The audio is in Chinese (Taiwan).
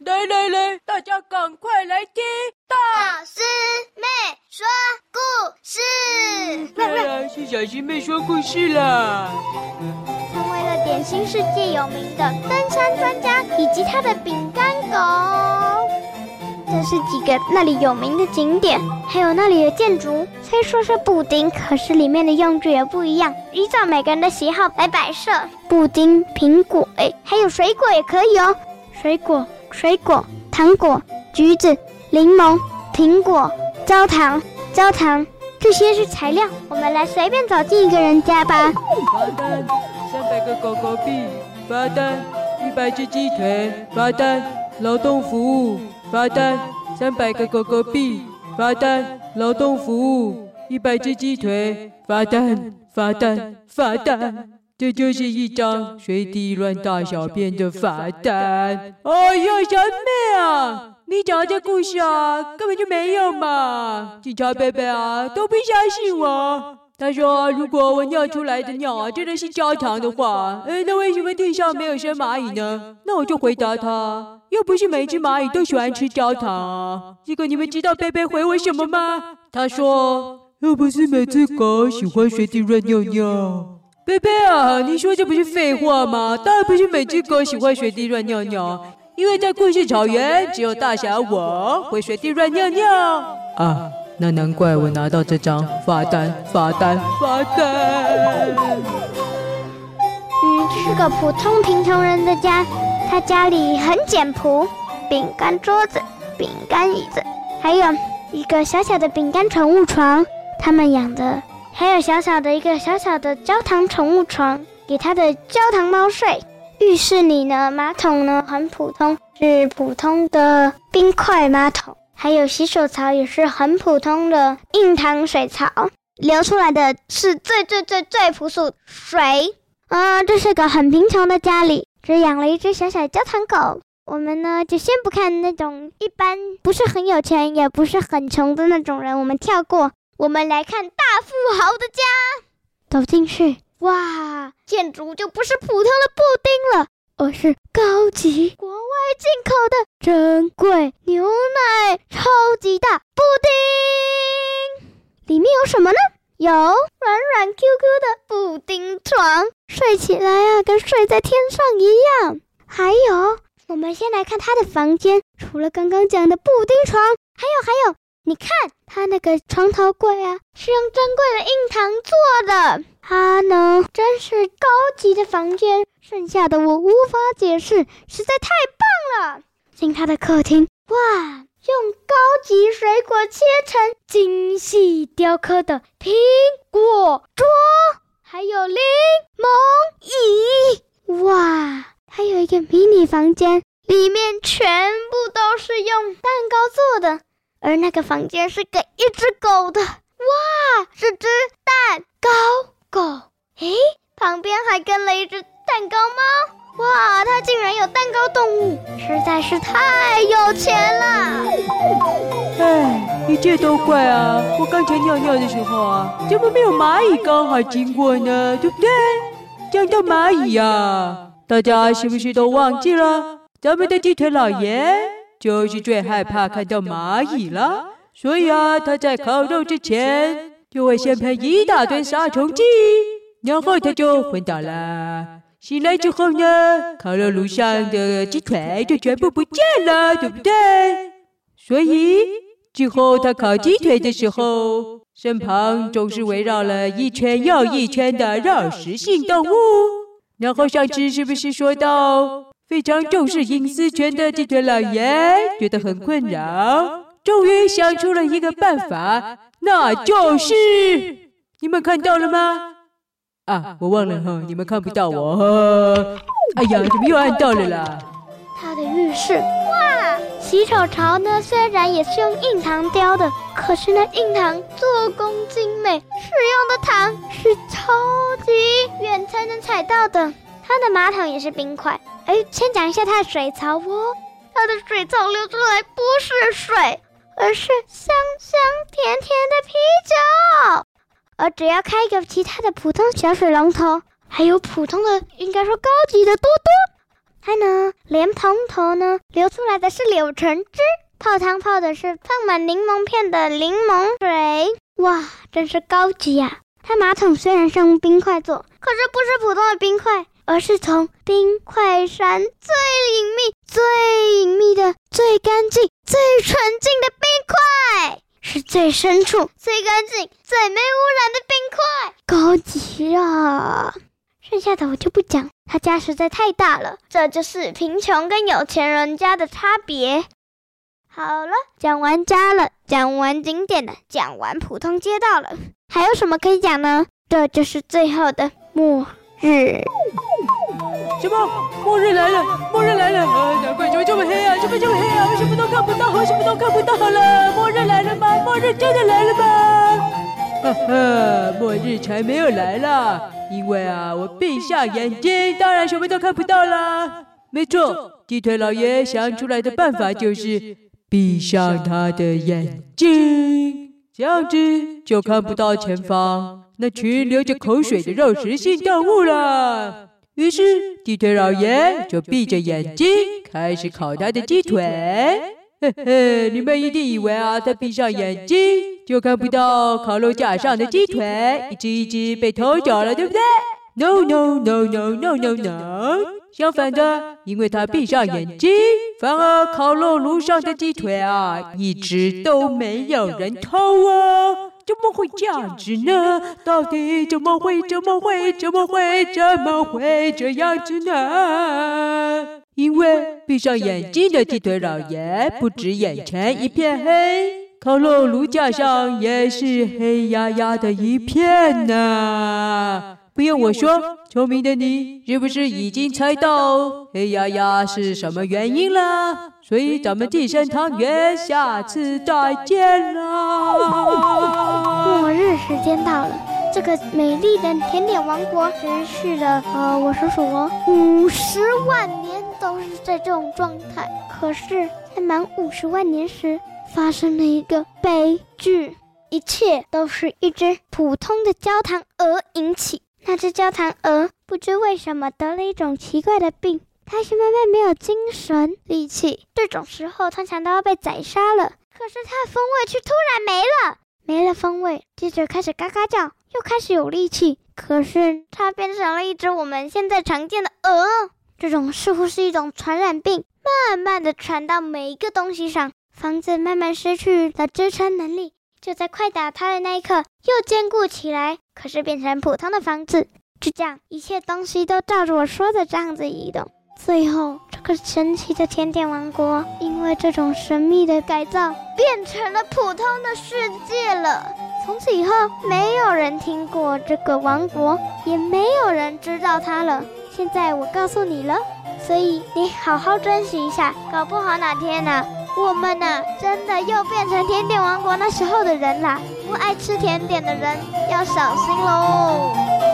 來來來，大家趕快來聽！小獅妹說故事。當然是小獅妹說故事啦。成為了點心世界有名的登山專家，以及他的餅乾狗。這是幾個那裡有名的景點，還有那裡的建築。雖說是布丁，可是裡面的用具也不一樣，依照每個人的喜好來擺設。布丁、蘋果、哎，還有水果也可以哦，水果。水果、糖果、橘子、檸檬、蘋果、焦糖、焦糖，這些是材料。我們來隨便走進一個人家吧。罰單，三百個狗狗幣。罰單，一百隻雞腿。罰單，勞動服務。罰單，三百個狗狗幣。罰單，勞動服務，一百隻雞腿。罰單，罰單，罰單。這就是一張隨地亂大小便的罰單。哎呀，小妹啊，你講的故事啊，根本就沒有嘛。警察杯杯啊，都不相信我。他說，如果我尿出來的尿啊，真的是焦糖的話，哎，那為什麼地上沒有生螞蟻呢？那我就回答他，又不是每隻螞蟻都喜歡吃焦糖。結果你們知道杯杯回我什麼嗎？他說，又不是每次狗喜歡隨地亂尿尿。貝貝啊，你說這不是廢話嗎？當然不是每隻狗喜歡雪地亂尿尿，因為在故事草原只有大俠我會雪地亂尿尿啊！那難怪我拿到這張罰單，罰單，罰單。嗯，這是個普通貧窮人的家，他家裡很簡樸，餅乾桌子、餅乾椅子，還有一個小小的餅乾寵物床，他們養的。還有小小的一個小小的焦糖寵物床，給他的焦糖貓睡。浴室裡呢，馬桶呢很普通，是普通的冰塊馬桶，還有洗手槽也是很普通的硬糖水槽，流出來的是最最最最最樸素水。嗯，呃，這是個很貧窮的家裡，只養了一隻小小焦糖狗。我們呢就先不看那種一般不是很有錢，也不是很窮的那種人，我們跳過。我們來看大富豪的家，走進去，哇，建築就不是普通的布丁了，而是高級國外進口的珍貴牛奶超級大布丁。裡面有什麼呢？有軟軟 Q Q 的布丁床，睡起來啊，跟睡在天上一樣。還有，我們先來看他的房間，除了剛剛講的布丁床，還有還有。你看他那個床頭櫃啊，是用珍貴的硬糖做的。他呢，真是高級的房間，剩下的我無法解釋，實在太棒了。進他的客廳，哇，用高級水果切成精細雕刻的蘋果桌，還有檸檬椅。哇，還有一個迷你房間，裡面全部都是用蛋糕做的。而那個房間是給一隻狗的，哇，是隻蛋糕狗，誒，旁邊還跟了一隻蛋糕貓，哇，它竟然有蛋糕動物，實在是太有錢了。哎，你這都怪啊，我剛才尿尿的時候啊，怎麼沒有螞蟻剛好經過呢？對不對？講到螞蟻呀、啊，大家是不是都忘記了咱們的雞腿老爺？就是最害怕看到螞蟻了，所以啊，他在烤肉之前就會先噴一大堆殺蟲劑，然後他就昏倒了。醒來之後呢，烤肉爐上的雞腿就全部不見了，對不對？所以之後他烤雞腿的時候，身旁總是圍繞了一圈又一圈的肉食性動物。然後上次是不是說到？非常重視隱私權的這對老爺覺得很困擾，終於想出了一個辦法，那就是你們看到了嗎？啊，我忘了哈，你們看不到我。哎呀，怎麼又按到了啦！他的浴室哇，洗手槽呢雖然也是用硬糖雕的，可是那硬糖做工精美，使用的糖是超級遠才能採到的。他的馬桶也是冰塊。哎，先講一下它的水槽哦，它的水槽流出來不是水，而是香香甜甜的啤酒。而只要開一個其他的普通小水龍頭，還有普通的，應該說高級的多多。還有蓮蓬頭呢，流出來的是柳橙汁，泡湯泡的是放滿檸檬片的檸檬水。哇，真是高級呀！啊！它馬桶雖然是用冰塊做，可是不是普通的冰塊。而是從冰塊山最隱秘、最隱秘的、最乾淨、最純淨的冰塊，是最深處、最乾淨、最沒污染的冰塊，高級啊！剩下的我就不講，他家實在太大了。這就是貧窮跟有錢人家的差別。好了，講完家了，講完景點了，講完普通街道了，還有什麼可以講呢？這就是最後的末。什麼？末日來了！末日來了！啊！難怪怎麼這麼黑啊！怎麼這麼黑啊！我什麼都看不到，我什麼都看不到了！末日來了嗎？末日真的來了嗎？哈哈、啊啊，末日才沒有來啦！因為啊，我閉上眼睛，當然什麼都看不到啦。沒錯，雞腿老爺想出來的辦法就是閉上他的眼睛。這樣子就看不到前方那群流着口水的肉食性動物了。於是雞腿老爺就閉着眼睛開始烤他的雞腿。嘿嘿，你們一定以為啊，他閉上眼睛就看不到烤肉架上的雞腿，一隻一隻被偷走了，對不對？No no no no no no no！相反的，因為他閉上眼睛，反而烤肉爐上的雞腿啊，一直都沒有人偷啊，怎麼會這樣子呢？到底怎麼會怎麼會怎麼會怎麼會，怎麼會這樣子呢？因為閉上眼睛的雞腿老爺，不止眼前一片黑，烤肉爐架上也是黑壓壓的一片呢、啊。不用我說，聰明的你是不是已經猜到？哎呀呀，是什麼原因了？所以咱們寄生湯圓，下次再見啦！末日時間到了，這個美麗的甜點王國持續了呃，我說什麼？五十萬年都是在這種狀態。可是，在滿五十萬年時，發生了一個悲劇，一切都是一隻普通的焦糖鵝引起。那隻焦糖鵝不知為什麼得了一種奇怪的病，它是慢慢沒有精神力氣。這種時候通常都要被宰殺了，可是，它的風味卻突然沒了，沒了風味，接着開始嘎嘎叫，又開始有力氣。可是它變成了一隻我們現在常見的鵝。這種似乎是一種傳染病，慢慢的傳到每一個東西上，房子慢慢失去了支撐能力。就在快打塌的那一刻，又堅固起來。可是變成普通的房子。就這樣，一切東西都照着我說的這樣子移動。最後，這個神奇的甜點王國，因為這種神秘的改造，變成了普通的世界了。從此以後，沒有人聽過這個王國，也沒有人知道它了。現在我告訴你了，所以你好好珍惜一下，搞不好哪天呢、啊。我們呢、啊，真的又變成甜點王國那時候的人啦！不愛吃甜點的人要小心嘍。